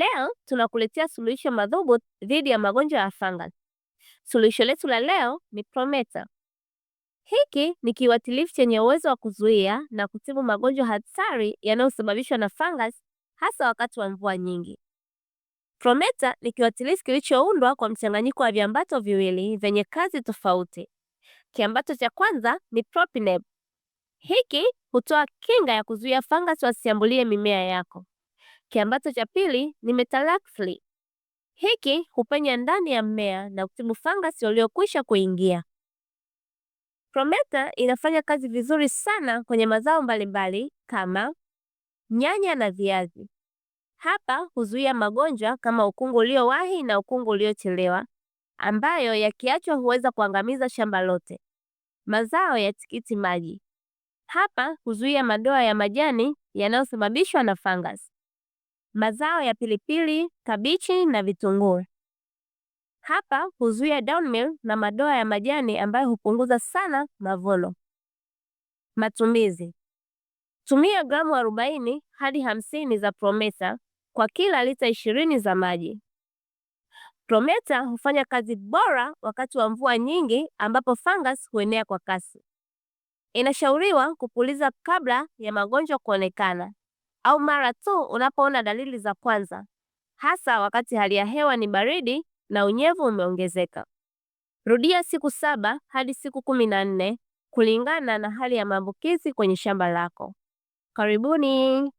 Leo tunakuletea suluhisho madhubuti dhidi ya magonjwa ya fungal. Suluhisho letu la leo ni Prometa. Hiki ni kiuatilifu chenye uwezo wa kuzuia na kutibu magonjwa hatari yanayosababishwa na fungus, hasa wakati wa mvua nyingi. Prometa ni kiuatilifu kilichoundwa kwa mchanganyiko wa viambato viwili vyenye kazi tofauti. Kiambato cha kwanza ni Propineb. Hiki hutoa kinga ya kuzuia fungus wasiambulie mimea yako. Kiambato cha pili ni metalaxyl. Hiki hupenya ndani ya mmea na kutibu fangasi waliokwisha kuingia. Prometa inafanya kazi vizuri sana kwenye mazao mbalimbali kama nyanya na viazi. Hapa huzuia magonjwa kama ukungu uliowahi na ukungu uliochelewa ambayo yakiachwa huweza kuangamiza shamba lote. Mazao ya tikiti maji hapa huzuia madoa ya majani yanayosababishwa na fangasi mazao ya pilipili, kabichi na vitunguu. Hapa huzuia downmill na madoa ya majani ambayo hupunguza sana mavuno. Matumizi: tumia gramu 40 hadi 50 za Prometa kwa kila lita 20 za maji. Prometa hufanya kazi bora wakati wa mvua nyingi ambapo fungus huenea kwa kasi. Inashauriwa kupuliza kabla ya magonjwa kuonekana au mara tu unapoona dalili za kwanza, hasa wakati hali ya hewa ni baridi na unyevu umeongezeka. Rudia siku saba hadi siku kumi na nne kulingana na hali ya maambukizi kwenye shamba lako. Karibuni.